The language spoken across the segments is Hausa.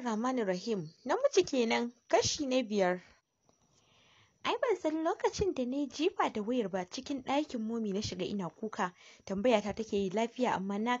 Bismillahir Rahmanir Rahim. Namiji kenan kashi na biyar. Ai ban san lokacin da na jifa da wayar ba cikin ɗakin momi na shiga ina kuka. Tambaya ta take yi lafiya amma na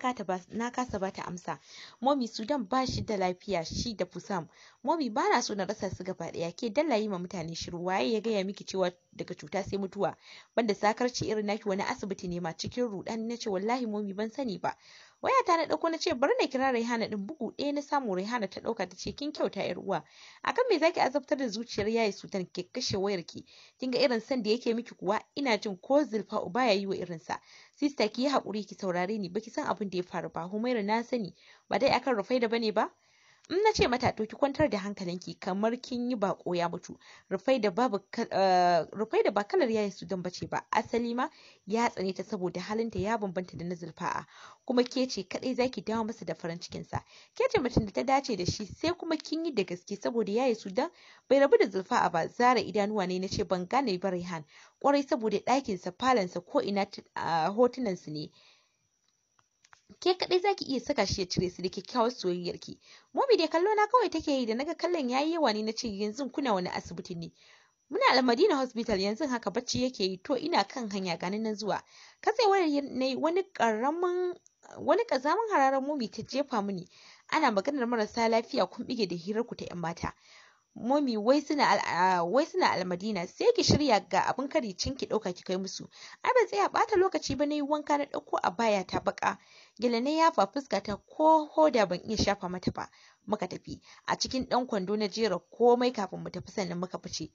kasa ba ta amsa. Momi Sudan ba shi da lafiya shi da Fusam. Momi bana na so na rasa su gaba ɗaya ke layi ma mutane shiru waye ya gaya miki cewa daga cuta sai mutuwa. Banda sakarci irin naki wani asibiti ne ma cikin ruɗani na ce wallahi momi ban sani ba. wayata na dauko na ce bari na kira Raihana din bugu ɗaya na samu Raihana ta dauka ta ce kin kyauta yar uwa akan me zaki azabtar da zuciyar yayi sultan ke kashe wayar ki kinga irin san da yake miki kuwa ina jin ko zulfa uba yi wa irin sa sister ki yi hakuri ki saurare ni baki san abin da ya faru ba Humaira na sani ba dai akan rufai Rufaida bane ba in na ce mata to ki kwantar da hankalinki kamar kin yi bako ya mutu rufai da babu eh, rufai da ba kalar yayin su don bace ba asali ma ya tsane ta saboda halin ta ya bambanta da na zulfa'a kuma ke ce za zaki dawo masa da farin cikin sa ke ce mutum da ta dace da shi sai kuma kin yi da gaske saboda yayin su dan bai rabu da zulfa'a ba zara idanuwa ne na ce ban gane ba Rehan kwarai saboda ɗakin sa falon sa ko ina eh, hotunan su ne ke kaɗai za ki iya saka shi ya cire su da kyakkyawar soyayyar ki momi dai kallo na kawai take yi da naga kallon yayi yawa ne na ce yanzu kuna wani asibiti ne muna almadina hospital yanzu haka bacci yake yi to ina kan hanya ganin nan zuwa katsewar ne wani karamin wani kazamin hararar momi ta jefa mini ana maganar marasa lafiya kun bige da hirar ku ta yan mata momi wai suna wai suna almadina sai ki shirya ga abin kari cin ki dauka ki kai musu ai ba tsaya bata lokaci ba nayi wanka na dauko a baya ta baka gilane ya fa fuska ta ko hoda ban iya shafa mata ba muka tafi a cikin dan kwando na jera komai kafin mu tafi sannan muka fice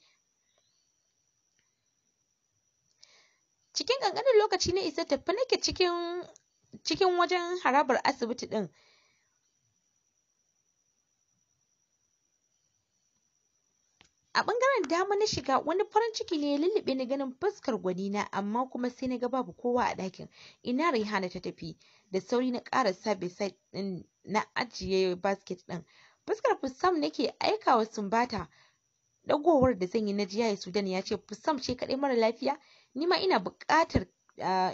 cikin kankanin lokaci na isa tafi nake cikin cikin wajen harabar asibiti din A ɓangaren dama na shiga wani farin ciki ne ya lullube ni ganin fuskar gwani na amma kuma sai na ga babu kowa a ɗakin. Ina Rihanna ta tafi da sauri na ƙara sabe ɗin na ajiye basket ɗin. Fuskar fusam nake aikawa sumbata. Dagowar da zan yi na jiya Sudan ya ce Fussam ce kaɗai mara lafiya? Nima ina buƙatar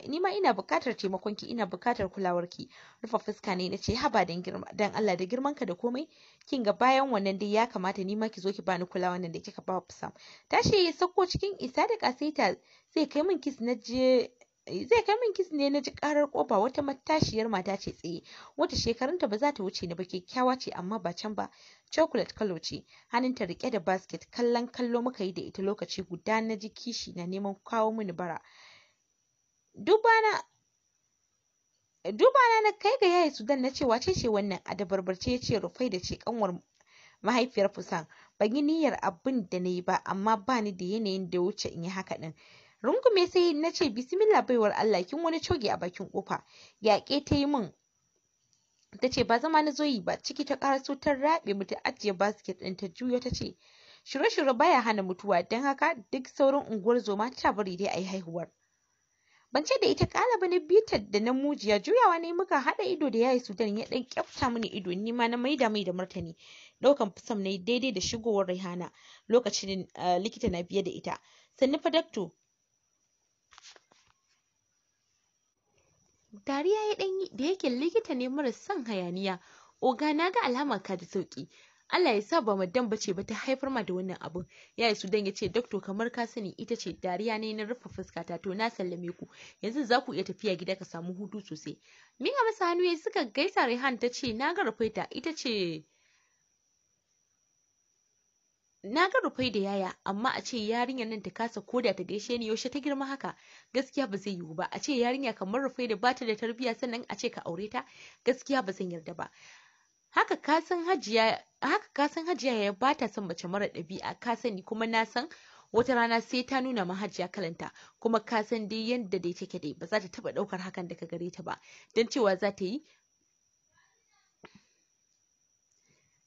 nima ina bukatar taimakon ki ina bukatar kulawar ki rufe fuska ne nace haba dan girma dan Allah da girman ka da komai kin ga bayan wannan dai ya kamata nima ki zo ki bani kulawa nan da kika ba fusa tashi ya sako cikin isa da kasaita sai kai min kis na je zai kai min kis ne na ji karar kofa wata matashiyar mata ce tsaye wata shekarunta ba za ta wuce ni ba kyakkyawa ce amma ba can ba chocolate kalo ce hannunta rike da basket kallon kallo muka yi da ita lokaci guda na ji kishi na neman kawo mini bara dubana na na kai ga yayi sudan na cewa ce ce wannan adabarbarce ya ce rufai da ce kanwar mahaifiyar fusan ban yi niyyar abin da na yi ba amma ba ni da yanayin da wuce in yi haka din rungume sai na ce bismillah baiwar allah kin wani coge a bakin kofa yaƙe ta yi min ta ce ba zama na zoyi ba ciki ta karaso ta raɓe mu ta ajiye basket ɗin ta juyo ta ce shirye-shirye baya hana mutuwa don haka duk sauran unguwar zoma ta bari dai a yi haihuwar ban ce da ita ƙalaba na bitar da na mujiya juyawa ne muka haɗa ido da yayi sudan ya ɗan kyafta mini ido ni ma na maida mai da martani ɗaukan fusam na daidai da shigowar rihana lokacin eh, likita na biye da ita sannu fa dakto dariya ya ɗanyi da yake likita ne mara son hayaniya oga na ga alama ka da sauƙi Allah ya sa ba madan bace ba ta haifar ma da wannan abun ya sudan ya ce doctor kamar ka sani ita ce dariya ne na rufe ta to na sallame ku yanzu za ku iya tafiya gida ka samu hutu sosai min a masa hannu ya suka gaisa Rehan ta ce na ga ta ita ce na ga rufai da yaya amma a ce yarinyar nan ta kasa koda ta gaishe ni yaushe ta girma haka gaskiya ba zai yiwu ba a ce yarinya kamar rufai da bata da tarbiyya sannan a ce ka aure ta gaskiya ba zan yarda ba haka kasan hajiya haka kasan hajiya ya ba ta son mace mara ɗabi'a ka sani kuma na san wata rana sai ta nuna ma hajiya kalanta kuma ka san dai yadda dai take dai ba za ta taɓa ɗaukar hakan daga gare ta ba don cewa za ta yi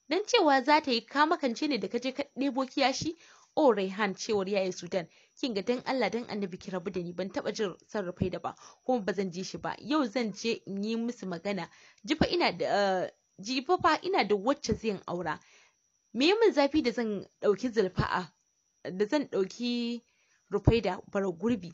don cewa za ta yi kamakance ne da kaje ka ɗebo kiyashi o Raihan cewar yaya Sudan kin ga dan Allah dan annabi ki rabu da ni ban taba jin sarrafai da ba kuma ba zan ji shi ba yau zan je in yi musu magana jifa ina da eh, jifa fa ina da wacce zan aura me min zafi da zan ɗauki zulfa'a da zan ɗauki rufaida bara gurbi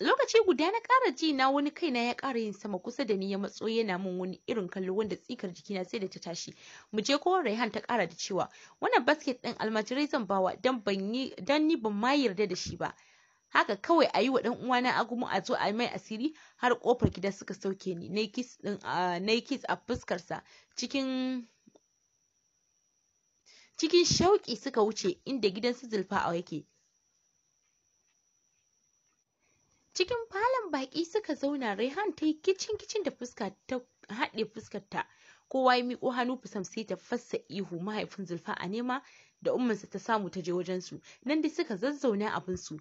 lokaci guda na ƙara ji na wani kaina ya ƙara yin sama kusa da ni ya matso yana min wani irin kallo wanda tsikar jikina sai da ta tashi mu je kowane Raihan ta ƙara da cewa wannan basket ɗin almajirai zan bawa wa ni ban ma yarda da shi ba haka kawai a yi wa ɗan uwana a kuma a zo mai asiri har ƙofar gida suka sauke ni na yi kiss a fuskarsa cikin cikin shauƙi suka wuce inda gidan su zulfa a yake cikin falon baƙi suka zauna raihan ta yi kicin kicin da fuska ta haɗe fuskarta kowa ya miƙo hannu fusam sai ta fassa ihu mahaifin zulfa a nema da umminsa ta samu ta je wajensu nan dai suka zazzauna abinsu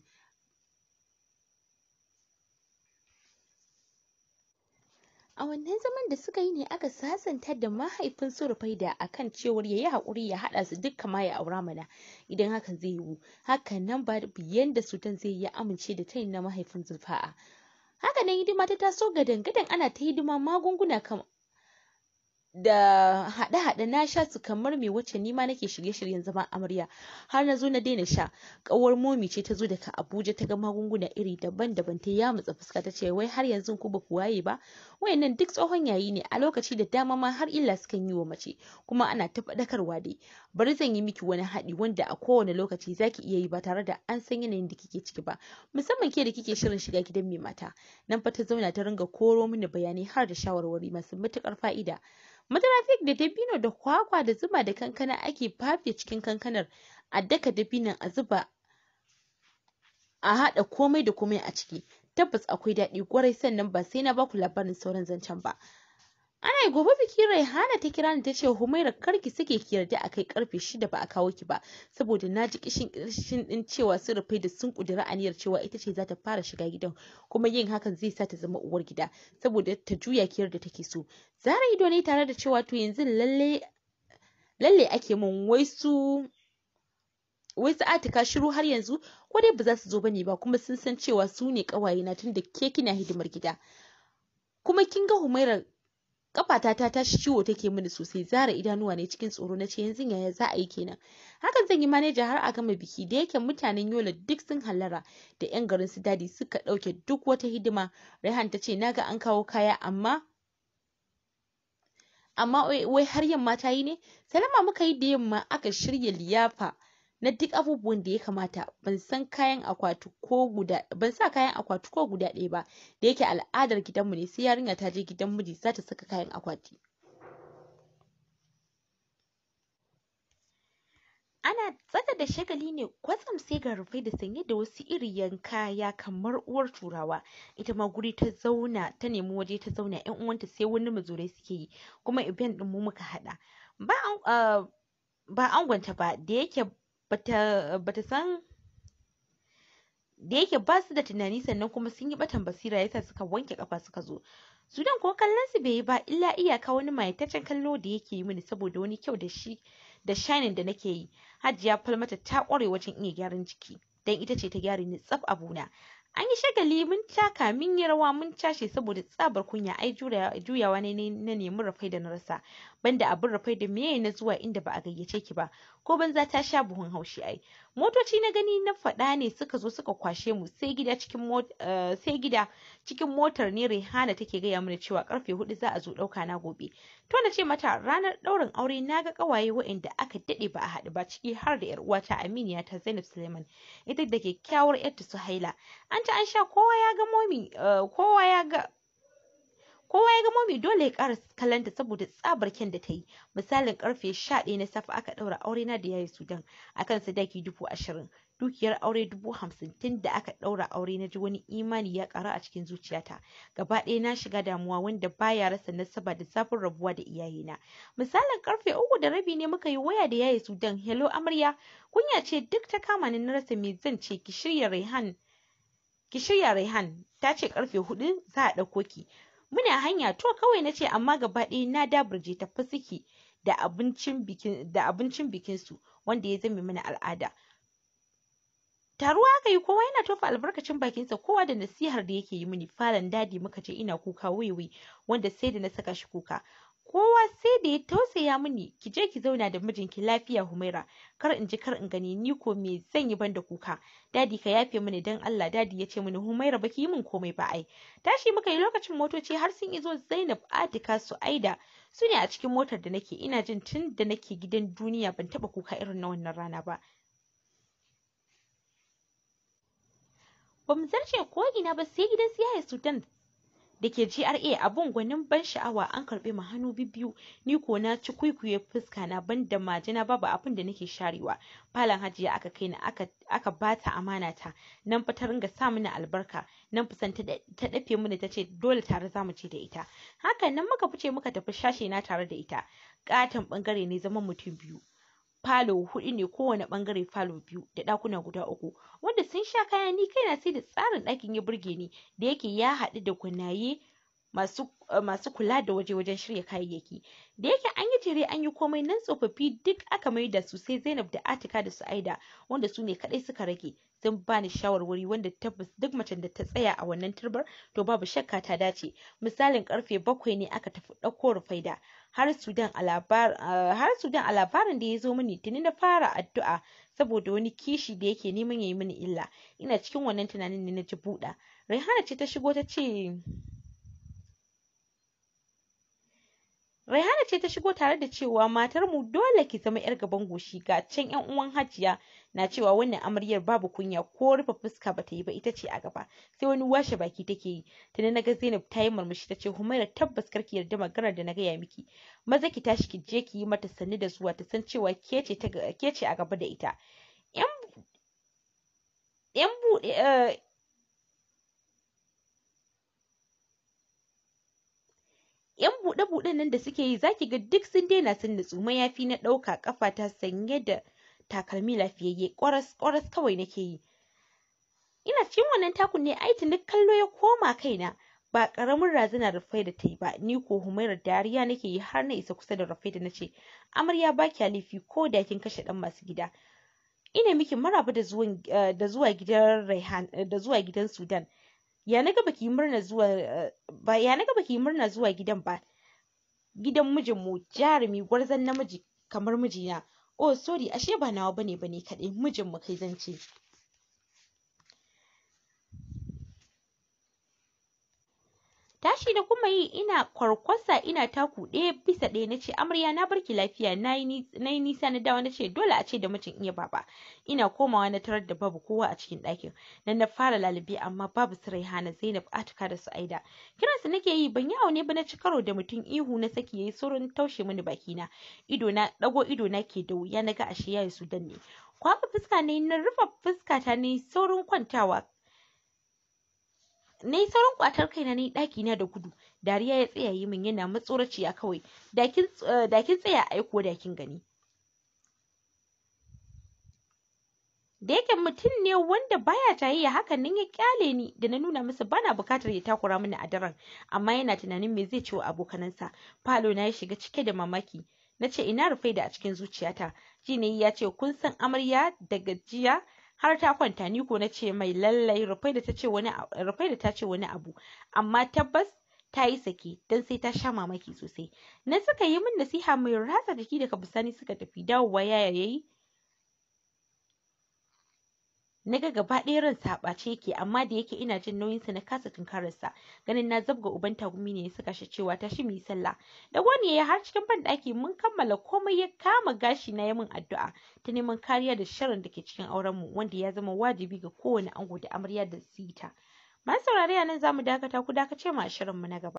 a wannan zaman da suka yi ne aka sasanta da mahaifin su da akan cewar ya yi haƙuri ya haɗa su dukka ma ya aura mana idan hakan zai yiwu hakan nan ba biyan da sutan zai yi amince da tayin na mahaifin zulfa'a haka nan hidima ta taso gadan-gadan ana ta hidima magunguna kam da haɗe-haɗe na sha su kamar mai wacce nima nake shirye-shiryen zama amarya har na zo na daina sha ƙawar momi ce ta zo daga abuja ta ga magunguna iri daban-daban ta ya fuska ta ce wai har yanzu ku ba ku waye ba wayannan duk tsohon yayi ne a lokaci da dama ma har illa sukan yi wa mace kuma ana ta faɗakarwa dai bari zan yi miki wani haɗi wanda a kowane lokaci zaki iya yi ba tare da an san yanayin da kike ciki ba musamman ke da kike shirin shiga gidan mai mata nan fa ta zauna ta ringa koro mini bayanai har da shawarwari masu matuƙar fa'ida madara fake da dabino da kwakwa da zuma da kankana ake fafe cikin kankanar a daka dabinon a zuba a haɗa komai da komai a ciki tabbas akwai daɗi kwarai sannan ba sai na baku labarin sauran zancen ba ana yi gobe bikin Raihana ta kira ni ta ce Humaira karki sake ki yarda akai karfe shida ba a kawo ki ba saboda na ji kishin kishin din cewa sun rufe da sun kudura aniyar cewa ita ce za ta fara shiga gidan kuma yin hakan zai sa ta zama uwar gida saboda ta juya ki yarda take so Zara ido ne tare da cewa to yanzu lalle lalle ake mun wai su wai sa'ati ka shiru har yanzu ko dai ba za su zo bane ba kuma sun san cewa su ne kawaye na tunda ke kina hidimar gida kuma kin ga Humaira kafata ta tashi ciwo take mini sosai zara idanuwa ne cikin tsoro na ce yanzu yaya za a yi kenan hakan zan yi manaja har a gama biki da yake mutanen yola duk sun halara, da yan garin su dadi suka dauke duk wata hidima Rehan ta ce naga an kawo kaya amma amma wai har yamma ta yi ne salama muka yi da yamma aka shirya liyafa na duk abubuwan da ya kamata ban san kayan akwati ko guda ban sa kayan akwati ko guda ɗaya ba da yake al'adar gidanmu ne sai yarinya ta je gidan miji za ta saka kayan akwati ana tsaka da shagali ne kwatsam sai ga rufai da sanye da wasu iriyan kaya kamar uwar turawa ita ma guri ta zauna ta nemi waje ta zauna yan uwanta sai wani mazurai suke yi kuma event din mu muka hada ba an ah, ba angonta ba da yake bata san da yake ba su da tunani sannan kuma sun yi batan basira yasa suka wanke kafa suka zo sudan ko kallon su bai yi ba illa iyaka wani mayataccen kallo da yake yi mini saboda wani kyau da shi da shining da nake yi hajiya falmata ta kware wajen iya gyaran jiki dan ita ce ta gyara ni tsaf abuna an yi shagali mun taka min yi rawa mun cashe saboda tsabar kunya ai juyawa ne na nemi rafai da na rasa banda abin rafai da meye na zuwa inda ba a gayyace ki ba ko banza ta sha buhun haushi ai motoci na gani na faɗa ne suka zo suka kwashe mu sai gida cikin eh, sai gida cikin motar ne Rehana take gaya mana cewa karfe hudu za a zo ɗauka na gobe To na ce mata ranar ɗaurin aure na ga ƙawaye waɗanda aka daɗe ba a haɗu ba ciki har da ‘yar uwata Aminiya ta Zainab Suleiman ita da kyakkyawar ‘yarta Suhaila. An ci an sha kowa ya ga momi eh, kowa ya ga kowa ya ga momi dole ya ƙara kalanta saboda tsabar kyan da ta yi misalin karfe sha ɗaya na safe aka ɗaura aure na da yayi sudan akan sadaki dubu ashirin dukiyar aure dubu hamsin tun da aka ɗaura aure na ji wani imani ya ƙaru a cikin zuciyata gaba ɗaya na shiga damuwa wanda baya rasa nasaba da zafin rabuwa da iyayena misalin karfe uku da rabi ne muka yi waya da yayi sudan hello amarya kunya ce duk ta kama ni na rasa me zan ce ki shirya raihan ki shirya rehan ta ce karfe hudu za a ɗauko ki muna hanya to kawai na ce amma gaba ɗaya na daburje ta fasiki da abincin bikin su wanda ya zame mana al'ada taruwa aka yi kowa yana tofa albarkacin bakinsa kowa da nasihar da yake yi mini falan dadi muka ce ina kuka waiwai wanda sai da na saka shi kuka kowa sai da ya tausaya mini ki je ki zauna da mijinki lafiya humaira kar in ji kar in gani ni ko me zan yi banda kuka dadi ka yafe mini dan Allah dadi ya ce mini humaira baki yi mun komai ba ai tashi muka yi lokacin motoci har sun izo Zainab Atika su Aida su ne a cikin motar da nake ina jin tun da nake gidan duniya ban taba kuka irin na wannan rana ba Bamu zarce ko ina ba sai gidan su yaya da ke GRA abun gwanin ban sha'awa an karɓe mu hannu bibiyu ni ko na ci kuikuye fuska na banda da majina babu abin da nake sharewa falon hajiya aka kai ni aka aka bata amana ta nan fa ta ringa sa mini albarka nan fusan ta dafe mini ta dole tare zamu ci da ita hakan nan muka fice muka tafi shashe na tare da ita katon bangare ne zaman mutum biyu falo hudu ne kowane bangare falo biyu da dakuna guda uku wanda sun sha kaya ni kaina sai da tsarin ɗakin ya burge ni da yake ya haɗu da gwanaye masu eh, masu kula da waje wajen shirya kayayyaki da yake an yi jere an yi komai nan tsofaffi duk aka mai da su sai Zainab da Atika da Su'aida wanda su ne kadai suka rage sun bani shawarwari wanda tabbas duk macen da ta tsaya a wannan turbar to babu shakka ta dace misalin karfe bakwai ne aka tafi ɗauko rufaida har Sudan a eh, a labarin da ya zo mini tuni na fara addu'a saboda wani kishi da yake neman ya yi mini illa ina cikin wannan tunanin ne na ji buɗa Raihana ce ta shigo ta ce Raihana ce ta shigo tare da cewa matar mu dole ki zama yar gaban goshi ga can yan uwan Hajiya na cewa wannan amaryar babu kunya ko rufe fuska bata yi ba ita ce a gaba sai wani washe baki take yi tunda naga Zainab ta yi murmushi ta ce Humaira tabbas karki yarda maganar da na gaya miki maza ki tashi ki je ki yi mata sanni da zuwa ta san cewa ke ce a gaba da ita yan yan yan buɗe-buɗen nan da suke yi zaki ga duk sun daina sun nutsu mayafi na ɗauka ƙafa ta sanye da takalmi lafiyayye ƙwaras-ƙwaras kawai nake yi ina cikin wannan takun ne ai tuni kallo ya koma kaina ba ƙaramin razana rufai da ta yi ba ni ko humaira dariya nake yi har na isa kusa da rufai da na ce amarya ba ki alifi ko da kin kashe ɗan masu gida ina miki maraba da eh, zuwa gidan eh, da zuwa gidan Sudan ya naga baki murna zuwa baki murna zuwa gidan ba gidan mijin mu jarumi gwarzon namiji kamar mijina oh sorry ashe ba nawa bane bane kadai mijin mu kai zance tashi da kuma yi ina kwarkwasa ina taku ɗaya bisa ɗaya na ce, amarya na barki lafiya na yi nisa na dawo nace dole a ce da mijin iya baba ina komawa na tarar da babu kowa a cikin ɗakin nan na fara lalube amma babu su Raihana Zainab Atika da su aida kiran su nake yi ban yawo ne ba na ci karo da mutum ihu na saki yayi saurin taushe mini na ido na dago ido na ke da wuya naga ashe yayi su danne kwafa fuska ne na rufe fuskata ta ne saurin kwantawa na sauran kwatar kaina na yi ɗaki na da gudu dariya ya tsaya yi min yana matsoraciya kawai dakin eh, kin tsaya aiko ko dakin gani da yake mutum ne wanda baya ya hakan nan ya kyale ni da na nuna masa bana bukatar ya takura mini a daren amma yana tunanin me zai ce wa abokanansa falo na ya shiga cike da mamaki na ce ina Rufe da a cikin zuciyata ji ya ce kun san amarya da gajiya har ta kwanta ni ko na ce mai lallai rufai da ta ce wani rufai da ta ce wani abu amma tabbas ta yi sake don sai ta sha mamaki sosai na suka yi min nasiha mai ratsa jiki daga bisani suka tafi dawowa yaya yayi na ga gaba ɗaya ran saɓace yake amma da yake ina jin nauyin sa na kasa tunkarar sa ganin na zabga uban tagumi ne ya saka shi cewa tashi mu yi sallah da wani ya har cikin ban ɗaki mun kammala komai ya kama gashi na ya addu'a ta neman kariya da sharrin da ke cikin auren mu wanda ya zama wajibi ga kowane ango da amarya da sita masu saurare a nan zamu dakata ku dakace mu a shirin mu na gaba